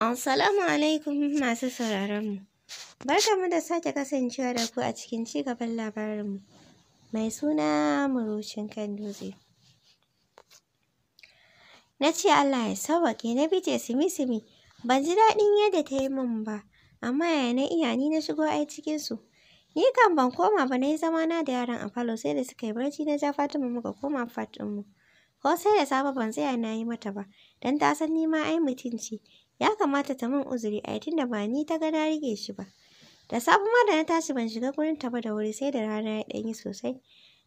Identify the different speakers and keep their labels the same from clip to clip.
Speaker 1: Assalamu alaikum masu sauraronmu. Barkanmu da sake kasancewa da ku a cikin cigaban labarinmu. Mai suna Murushin kan dutse. Na ce Allah ya sauwaƙe na bije simi-simi. Ban ji daɗin yadda ta yi min ba, amma yaya na iya na shigo ai cikinsu. Ni kan ban koma ba na yi zamana da yaran a falo sai da suka yi barci na ja Fatima muka koma fat Ko sai da safe ban tsaya na yi mata ba, don ta san ni ma ai mutum ce. Ya kamata ta min uzuri a da ba ni ta ga na rike shi ba. Da safe ma da na tashi ban shiga gurin ta ba da wuri sai da rana ya ɗanyi sosai.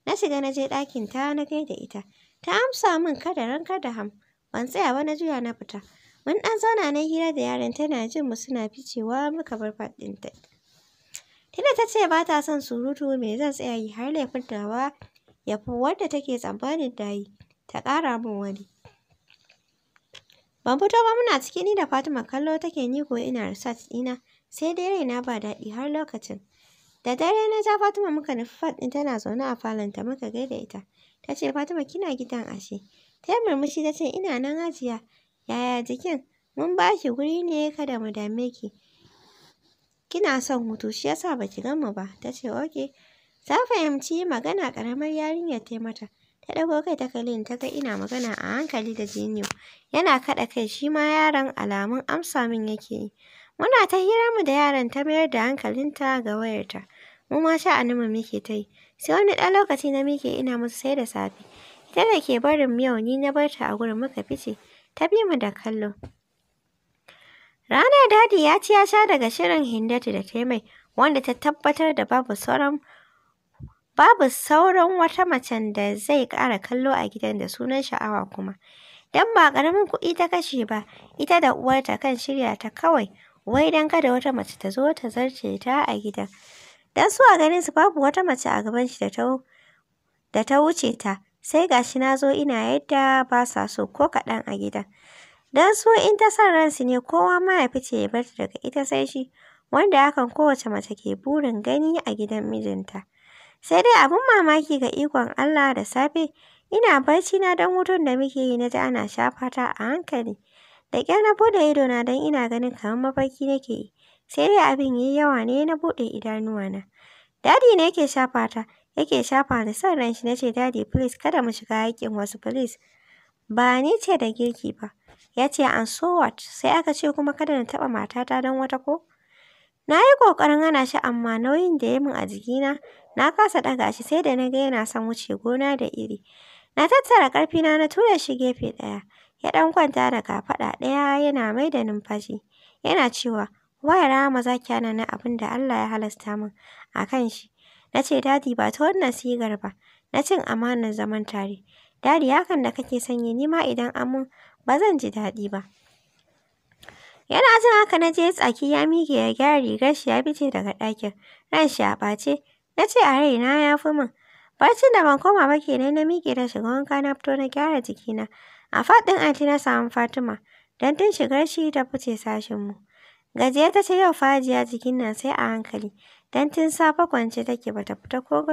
Speaker 1: Na shiga na je ɗakin ta na kai da ita. Ta amsa min kada ran kada ham. Ban tsaya ba na juya na fita. Mun ɗan zauna na hira da yaron tana jin mu suna ficewa muka bar faɗin ta. Tana ta ce ba ta son surutu me zan tsaya yi har laifin dawa ya fi wadda take tsammanin dayi, Ta ƙara min wani. Ban fito ba muna ciki ni da Fatima kallo take ni ko ina research ɗina sai dai raina ba daɗi har lokacin. Da dare na ja Fatima muka nufi fat din tana zaune a ta muka gaida ita. Ta ce Fatima kina gidan ashe. Ta yi murmushi ta ce ina nan hajiya. Yaya jikin? Mun ba ki guri ne kada mu dame ki. Kina son hutu shi yasa baki gama mu ba. Ta ce oke. Ta fahimci magana karamar yarinyar ta mata. ta ɗago kai ta kalin ta ga ina magana a hankali da jinyo yana kaɗa kai shi ma yaron alamun amsa min yake yi muna ta hira mu da yaron ta mayar da hankalinta ga wayarta mu ma sha'anin mu muke ta yi sai wani ɗan lokaci na muke ina musu sai da safe ita da ke barin miyau ni na bar ta a gurin muka fice ta bi mu da kallo ranar dadi ya ci ya sha daga shirin hindatu da taimai wanda ta tabbatar da babu sauran Babu sauran wata macen da zai ƙara kallo a gidan da sunan sha'awa kuma, don ba ƙaramin kuɗi ta kashe ba, ita da uwarta kan shirya ta kawai, wai don kada wata mace ta zo ta zarce ta a gidan. Don su a ganin su babu wata mace a gaban shi da ta wuce ta, sai ga shi na zo ina yadda ba sa so ko kaɗan a gidan. Don su in ta san ransu ne kowa ma ya fice ya bar daga ita sai shi, wanda hakan kowace mace ke burin gani a gidan mijinta. Sai dai abin mamaki ga ikon Allah da safe, ina barci na don hutun da muke yi na ji ana shafata a hankali. Da kyar na bude ido na dan ina ganin kamar mafarki nake yi. Sai dai abin yayi yawa ne na bude idanuwa na. Dadi ne yake shafata yake shafa ni san ranshi na ce dadi please kada mu shiga haƙƙin wasu please. Ba ni ce da girki ba. Ya ce an so what? Sai aka ce kuma kada na taɓa matata dan wata ko? Na yi ƙoƙarin hana shi amma nauyin da ya min a jikina na kasa ɗaga shi sai da na ga yana son wuce gona da iri. Na tattara karfi na na tura shi gefe ɗaya. Ya ɗan kwanta da kafaɗa ɗaya yana mai da numfashi. Yana cewa, wai Rahama za ki hana ni abin da Allah ya halasta min a kan shi. Na ce, Dadi ba ta wannan sigar ba, na cin amanar zaman tare. Dadi hakan da kake son yi ni ma idan an ba zan ji daɗi ba. Yana jin haka na je tsaki ya mike ya gyara rigar shi ya fice daga ɗakin. Ran shi a ɓace. Na ce a raina ya fi min. Barcin da ban koma ba kenan na mike na shiga wanka na fito na gyara jikina. A faɗin anti na samu Fatima. Don tun shigar shi ta fice sashinmu. Gajiya ta ce yau fajiya jikin nan sai a hankali. Don tun safe kwance take bata fita ko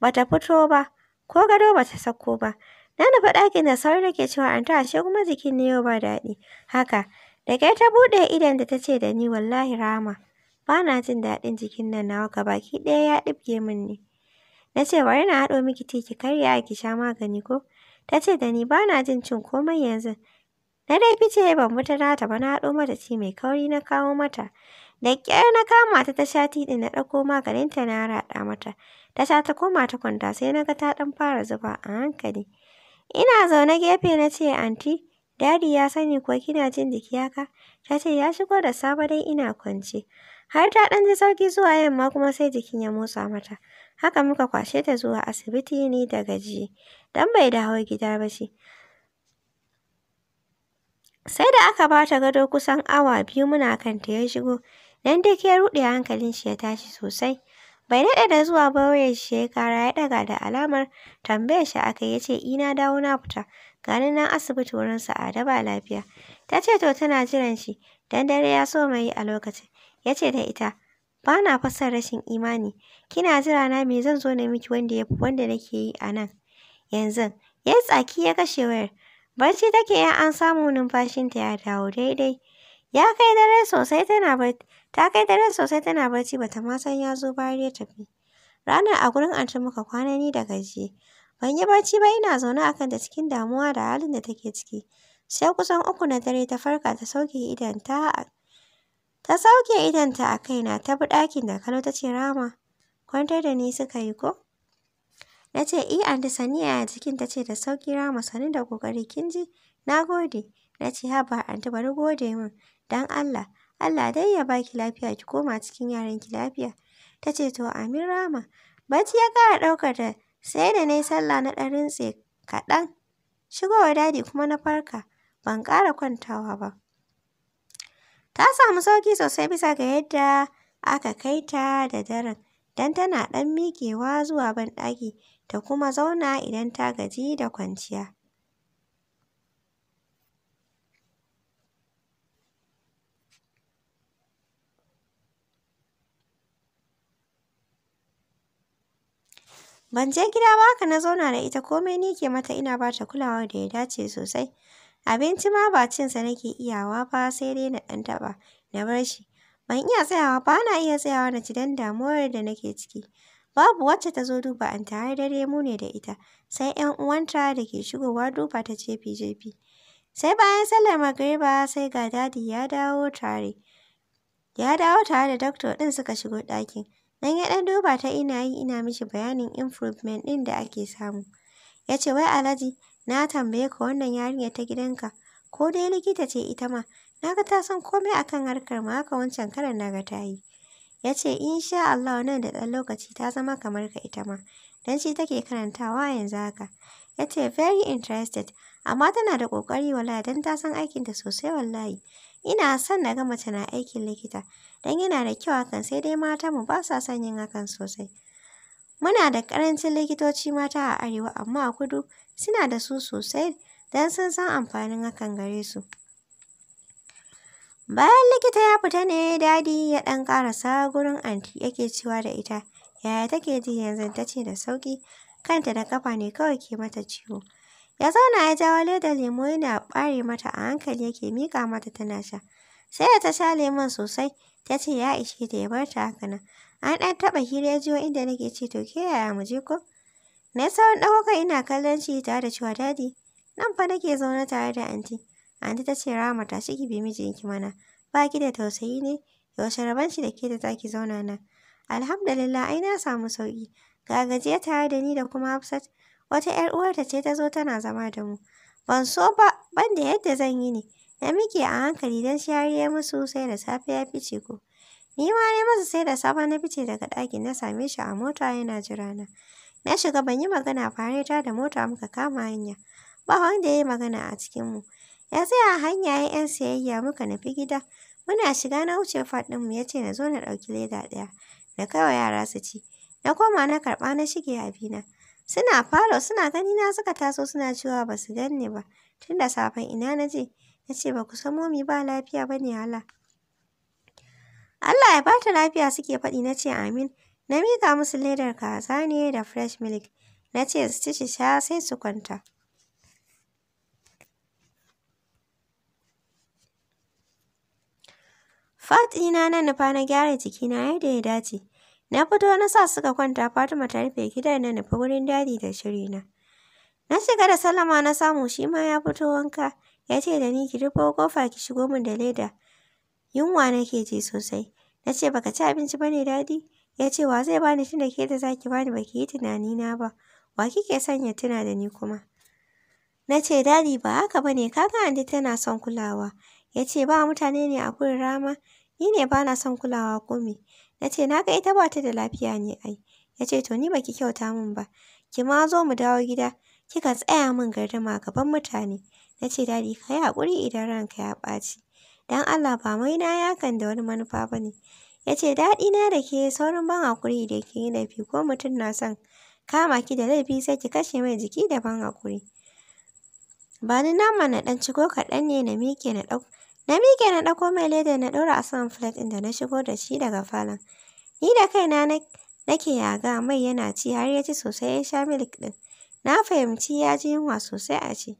Speaker 1: bata fito ba. Ko gado bata sako ba. Na nufi ɗakin da sauri nake cewa an ta ashe kuma jikin ne yau ba daɗi. Haka Da kai ta buɗe idon da ta ce da ni wallahi Rama ba na jin daɗin jikin nan nawa baki ɗaya ya ɗibge min ne. Na ce bari na haɗo miki ti ki karya ki sha magani ko? Ta ce da ni ba na jin cin komai yanzu. Na dai fice ban mutu ta ba na haɗo mata ci mai kauri na kawo mata. Da ƙyar na kama ta ta sha tiɗi na ɗauko ta na raɗa mata. Ta sha ta koma ta kwanta sai na ga ta ɗan fara zuba a hankali. Ina zaune gefe na ce anti Dadi ya sani ko kina jin jiki haka? Ta ce ya shigo da safe dai ina kwance. Har ta ɗan ji sauƙi zuwa yamma kuma sai jikin ya motsa mata. Haka muka kwashe ta zuwa asibiti ni da gaji. Dan bai da dawo gida ba shi. Sai da aka ba ta gado kusan awa biyu muna kanta ya shigo. Dan duk ya ruɗe hankalin shi ya tashi sosai. Bai daɗe da zuwa ba wayar shi ya kara ya ɗaga da alamar tambayar shi aka yace ina dawo na fita. Ganin nan asibiti wurin sa, Sa'ada ba lafiya. Ta ce to tana jiran shi, dan dare ya so mai a lokacin. Ya ce da ita, ba na fassar rashin imani, kina jira na me zan zo na miki wanda ya fi wanda nake yi a nan. Yanzu, ya tsaki ya kashe wayar. Barci take ya an samu numfashinta ya dawo daidai. Ya kai dare sosai tana barci, ta kai dare sosai tana barci bata ma san ya zo bayan ya tafi. Ranar a gurin anti muka kwana ni da gajiye. Ban yi barci ba ina zaune a kanta cikin damuwa da halin da take ciki. Sai kusan uku na dare ta farka ta sauke idonta a ta sauke idanta a kaina ta bi ɗakin da kalo ta ce Rama kwantar da ni suka yi ko? Na ce i eh, anti saniya a jikin ta ce da sauki Rama sani da kokari kin ji na gode. Na ce haba anti bari gode min dan Allah Allah dai ya baki lafiya ki koma cikin ki lafiya. Ta ce to amin Rama. Bacci ya ƙara ɗaukar da Sai da na yi sallah na ɗan rintse kaɗan. Shigowar dadi kuma na farka, ban ƙara kwantawa ba. Ta samu sauƙi sosai bisa ga yadda aka kai ta da daren, don tana ɗan miƙewa zuwa banɗaki ta kuma zauna idan ta gaji da kwanciya. Ban je gida ba haka na zauna da ita komai nike mata ina ba ta kulawa da ya dace sosai. Abinci ma ba cinsa nake iyawa ba sai dai na ɗan taɓa na bar shi. Ban iya tsayawa ba na iya tsayawa na ci dan damuwar da nake ciki. Babu wacce ta zo duba an har dare mu ne da ita, sai 'yan uwanta da ke shigowa duba ta jefi-jefi. Sai bayan sallar magariba sai ga dadi ya dawo tare. Ya dawo tare da doctor ɗin suka shigo ɗakin. Nan ya ɗan duba ta ina yi ina mishi bayanin improvement ɗin da ake samu. Ya ce wai Alhaji na tambaye ka wannan yarinya ta gidanka ko dai likita ce ita ma na ga ta san komai akan harkar ma haka wancan karan na ga ta yi. Ya ce insha Allah nan da ɗan lokaci ta zama kamar ka ita ma don shi take karantawa yanzu haka. Ya ce very interested amma tana da ƙoƙari wallahi dan ta san aikinta sosai wallahi. Ina son na ga mace na aikin likita, don yana da kyau hakan sai dai mu ba sa son yin hakan sosai. Muna da karancin likitoci mata a Arewa amma a Kudu suna da su sosai don sun san amfanin hakan gare su. Bayan likita ya fita ne dadi ya ɗan karasa gurin anti yake cewa da ita, yaya take ji yanzu ta ce da sauki kanta da ƙafa ne kawai ke mata ciwo. Ya zauna ya jawo ledar lemo yana ɓare mata a hankali yake miƙa mata tana sha. Sai da ta sha lemon sosai, ta ce ya ishe ta ya bar ta haka nan. An ɗan taɓa hira ya jiyo inda nake ce to ke yaya mu je ko? Na yi sauran ɗaukaka ina kallon shi tare da cewa dadi, nan fa nake zaune tare da anti. Anti ta ce Rama ta shi ki bi mijinki mana, ba ki da tausayi ne, yaushe rabon shi da ke da zaki zauna na? Alhamdulillah ai na samu sauƙi, ga gajiya tare da ni da kuma Hafsat. wata 'yar uwarta ce ta zo tana zama da mu. Ban so ba, ban da yadda zan yi ne. Na muke a hankali don shi har ya musu sai da safe ya fice ko. Ni ma ne masa sai da safe na fice daga ɗakin na same shi a mota yana jira na. Na shiga ban yi magana fare ta da mota muka kama hanya. Ba wanda ya yi magana a cikin mu Ya tsaya a hanya ya 'yan siyayya muka nufi gida. Muna shiga na wuce mu ya ce na zo na ɗauki leda ɗaya. Na kai yara su ci. Na koma na karɓa na shige a abina. Suna falo suna ganina suka taso suna cewa ba su ganni ba. Tun da safen ina na je, na ce ba ku san momi ba lafiya ba ne hala. Allah ya ba ta lafiya suke faɗi na ce amin. Na mika musu ledar kaza ne da fresh milk. Na ce su ci sha sai su kwanta. Fat na nufa na gyara jikina yadda ya dace. Na fito na sa suka kwanta Fatima ta rufe gidan na nufi wurin dadi da shiri na. Na shiga da Salama na samu shi ma ya fito wanka. Ya ce da ni ki rufo kofa ki shigo min da leda. Yunwa nake ji sosai. Na ce baka ci abinci ba ne dadi? Ya ce wa zai bani tunda ke da zaki bani baki yi tunani na ba. Wa kike sanya tuna da ni kuma? Na ce dadi ba haka ba ne kaga andi tana son kulawa. Ya ce ba mutane ne a gurin rama. Ni ne ba na son kulawa ko me. Na ce, na ga ita ba ta da lafiya ne ai. Ya ce, to ni ba ki kyauta min ba. Ki ma zo mu dawo gida. Kika tsaya min gardama gaban mutane. Na ce, dadi ka yi haƙuri idan ranka ya ɓaci. dan Allah ba mai na yakan da wani manufa ba ne. Ya ce, daɗi na da ke saurin ban haƙuri da ke yi laifi ko mutum na son kama ki da laifi sai ki kashe mai jiki da ban haƙuri. Ba ni nama na ɗan ciko kaɗan ne na miƙe na ɗauka. Na miƙe na ɗauko mai leda na ɗora a saman filet ɗin da na shigo da shi daga falon. Ni da kaina nake yaga mai yana ci har ya ci sosai ya sha milk ɗin. Na fahimci ya ji yunwa sosai a ci.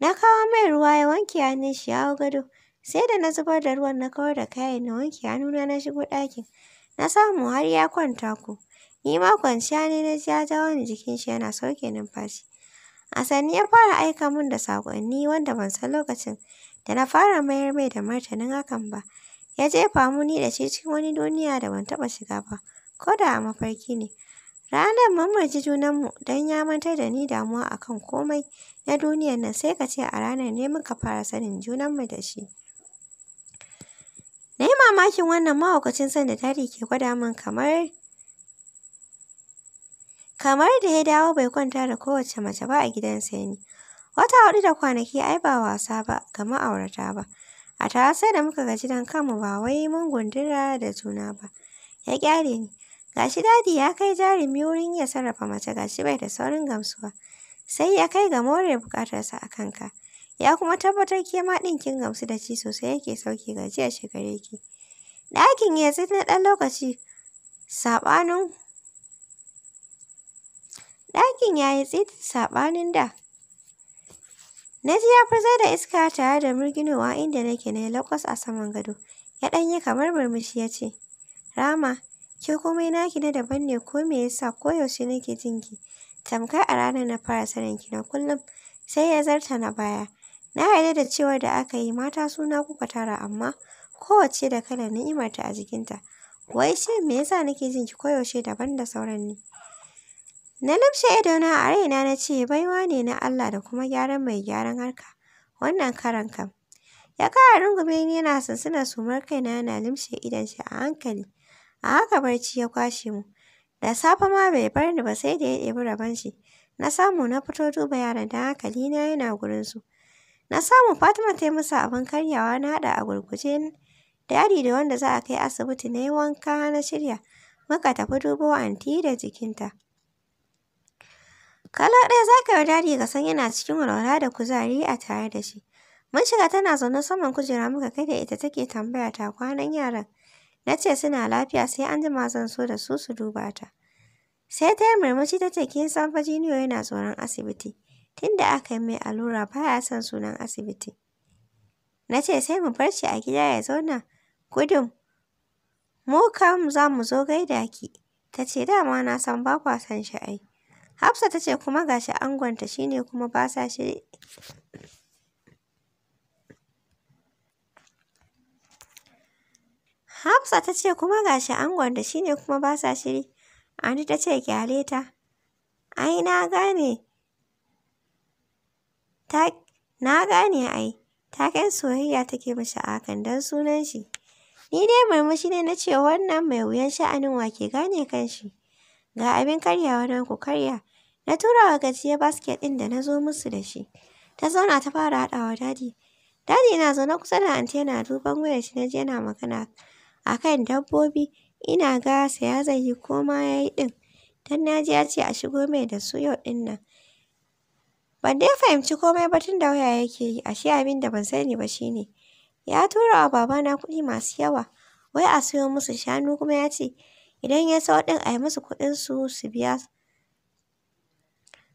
Speaker 1: Na kawo mai ruwa ya wanke hannun shi ya hau gado. Sai da na zubar da ruwan na kawar da kayan na wanke hannuna na shigo ɗakin. Na samu har ya kwanta ko. Ni ma kwanciya ne na ji ya jawo ni jikin shi yana sauke numfashi. A sanni ya fara aika mun da saƙonni wanda ban san lokacin da na fara mayar mai da martanin hakan ba, ya jefa mu ni da shi cikin wani duniya da ban taba shiga ba, ko da a mafarki ne. Ranar mun junanmu don ya mantar da ni damuwa akan komai na duniyar nan sai ka ce a ranar ne muka fara sanin junanmu da shi. Na yi mamakin wannan mahaukacin sanda da tari ke gwada min kamar kamar da ya dawo bai kwanta da kowace mace ba a gidansa sani. Wata hudu da kwanaki ai ba wasa ba ga ma'aurata ba. A tare sai da muka gaji don kanmu ba wai mun gundura da juna ba. Ya kyale ni. Gashi dadi ya kai jarumi wurin ya sarrafa mace gashi bai da saurin gamsuwa. Sai ya kai ga more bukatarsa a kanka. Ya kuma tabbatar ke ma ɗin kin gamsu da shi sosai yake sauki gajiya shi gare ki. Ɗakin ya tsit na ɗan lokaci sabanin ɗakin ya yi tsit sabanin da. Na ji ya furzar da iska tare da murginowa inda nake na ya a saman gado. Ya ɗan yi kamar murmushi ya ce, Rama, ke komai naki na daban ne ko me yasa koyaushe nake jinki ki? Tamkar a ranar na fara sanin ki na kullum. Sai ya zarta na baya. Na haida da cewar da aka yi mata suna kuka tara amma kowace da kalar ni'imarta a jikinta. Wai shin me yasa nake jinki koyaushe daban da sauran ne? Na lumshe idona a raina na ce baiwa ne na Allah da kuma gyaran mai gyaran harka, wannan karan kam. Ya kara rungume ni yana sunsuna sumar na yana lumshe shi a hankali. A haka barci ya kwashe mu. Da safe ma bai bar ni ba sai da ya ɗebi rabon shi. Na samu na fito duba yaran da hankali na yana gurinsu. Na samu Fatima ta yi musu abin karyawa na haɗa a gurguje dadi da wanda za a kai asibiti na yi wanka na shirya muka tafi dubo anti da jikinta. kalo ɗaya za ka yarda dadi ka san yana cikin walwala da kuzari a tare da shi. Mun shiga tana zaune saman kujera muka kai da ita take tambaya ta kwanan yaran. Na ce suna lafiya sai an jima zan so da su su duba ta. Sai ta yi murmushi ta ce kin san fa jiniyo yana tsoron asibiti. Tunda aka yi mai allura ya son sunan asibiti. Na ce sai mu bar shi a gida ya zauna. Gudun mu kam za mu zo gaida ki. Ta ce dama na san ba kwa san shi ai. Hafsa ta ce kuma gashi angonta shine kuma ba sa shi. Hafsa ta ce kuma gashi shi angonta shine ne kuma ba sa shiri. Ani ta ce kyale ta. Ai na gane. Ta na gane ai. kai soyayya take a kan dan sunan shi. Ni dai murmushi ne na ce wannan mai wuyan sha'anin wa ke gane kanshi. Ga abin karyawa nan ku karya. Na tura wa gajiya basket ɗin da na zo musu da shi. Ta zauna ta fara haɗawa dadi. Dadi na zaune kusa da anti yana duban wayar shi na ji yana magana akan dabbobi. Ina ga ya zai yi koma ma ya yi ɗin. Don na ji ya ce a shigo mai da su yau ɗin nan. Ban dai fahimci komai ba tun da waya yake yi. Ashe abin da ban sani ba shine. Ya tura wa babana kuɗi masu yawa. Wai a siyo musu shanu kuma ya ce idan ya sa waɗin a yi musu kuɗin su su biya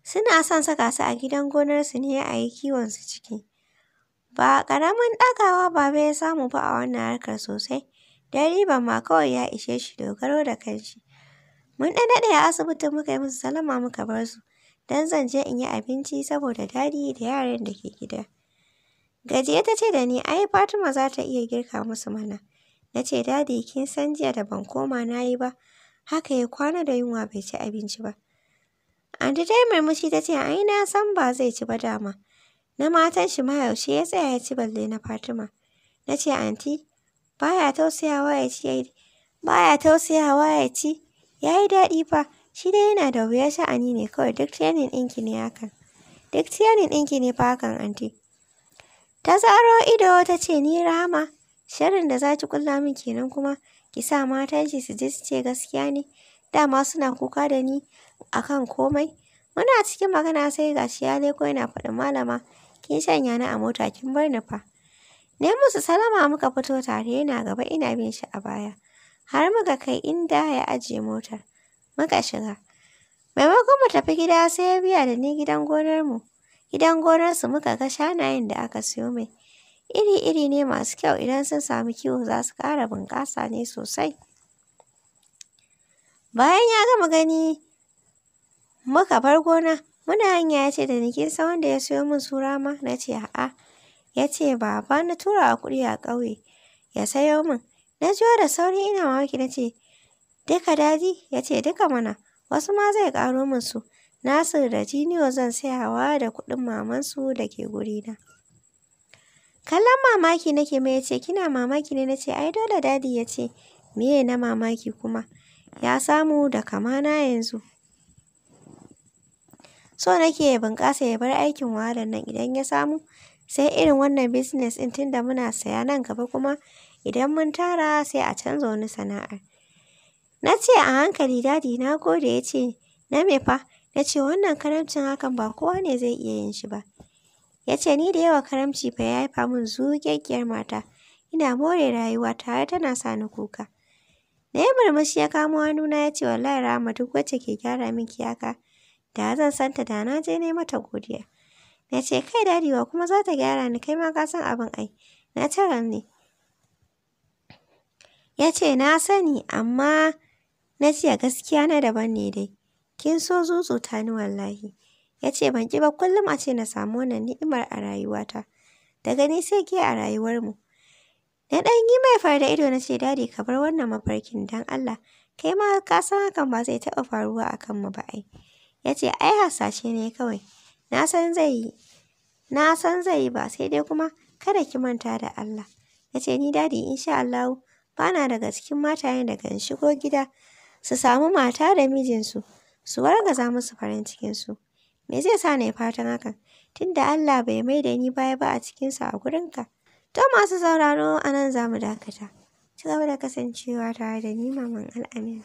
Speaker 1: suna son saka su a gidan gonarsu ne a yi kiwon su ciki ba ƙaramin ɗagawa ba ya samu ba a wannan harkar sosai don riban ma kawai ya ishe shi dogaro da kanshi mun ɗan daɗe a asibitin muka yi musu salama muka bar su don zan je in yi abinci saboda dadi da yaran da ke gida gajiya ta ce da ni ai fatima za ta iya girka musu mana Na ce, Dadi, kin san jiya da ban koma na yi ba, haka ya kwana da yunwa bai ci abinci ba. Anti ta yi mushi ta ce, ai na san ba zai ci ba dama. Na matan shi ma yaushe ya tsaya ya ci balle na Fatima. Na ce, Anti, baya tausayawa ya ci, baya tausayawa ya ci, ya yi daɗi fa, shi dai yana da wuya sha'ani ne kawai duk tiyanin ɗinki ne hakan. Duk tiyanin ɗinki ne fa hakan, Anti. Ta zaro ido ta ce, ni rama. Sharrin da za ki ƙulla min kenan kuma ki sa matanki su ji su ce gaskiya ne. Dama suna kuka da ni a kan komai. Muna cikin magana sai ga shi ya leko yana faɗin malama kin shanya ni a mota kin bar ni fa. Ne musu salama muka fito tare yana gaba ina bin shi a baya. Har muka kai inda ya ajiye mota. Muka shiga. Maimakon mu tafi gida sai ya biya da ni gidan gonar mu Gidan gonarsu muka ga shanayen da aka siyo mai. iri-iri ne masu kyau idan sun samu kiwo za su ƙara bunƙasa ne sosai. Bayan ya gama gani muka bar gona muna hanya ya ce da ni wanda ya siyo min su rama na ce a'a ya ce baba na tura wa kuɗi a ƙauye ya sayo min na jiwa da sauri ina mamaki na ce duka daji ya ce duka mana wasu ma zai ƙaro min su Nasir da Jiniyo zan sayawa da kuɗin mamansu da ke gurina. Kallon mamaki nake mai ya ce, kina mamaki ne? Na ce, ai dole dadi ya ce, meye na mamaki kuma? Ya samu da kamana yanzu. So nake bunkasa bunƙasa ya bar aikin wahalar nan idan ya samu, sai irin wannan business ɗin tunda muna saya nan gaba kuma idan mun tara sai a canza wani sana'ar. Na ce a hankali dadi na gode ya ce, na me fa? Na ce wannan karamcin hakan ba kowa ne zai iya yin shi ba. Ya ce ni da yawa karamci fa ya haifa min zuƙaƙƙiyar mata. Ina more rayuwa tare tana sa ni kuka. Na yi murmushi ya kamo hannuna ya ce wallahi Rahama duk wacce ke gyara min kiyaka da zan santa da na je ne mata godiya. Na ce kai dadewa kuma za ta gyara ni kai ma ka san abin ai. Na tara ne. Ya ce na sani amma na ce gaskiya na daban ne dai. Kin so zuzuta ni wallahi. Ya ce ban ba kullum a ce na samu wannan ni'imar a rayuwata. Da gani sai ke a rayuwarmu. Na ɗan yi mai farda ido na ce dadi ka bar wannan mafarkin don Allah. Kai ma ka san hakan ba zai taɓa faruwa a kanmu ba ai. Ya ce ai hasashe ne kawai. Na san zai yi. Na san zai yi ba sai dai kuma kada ki manta da Allah. Ya ce ni dadi sha Allahu ba na daga cikin matayen da kan shigo gida su samu mata da mijinsu su warga za musu farin cikinsu. Me zai sa na fatan hakan? Tunda Allah bai mai da ni baya ba a cikinsa a gurinka. To masu sauraro a nan za mu dakata. Ci gaba da kasancewa tare da ni Maman Al'amin.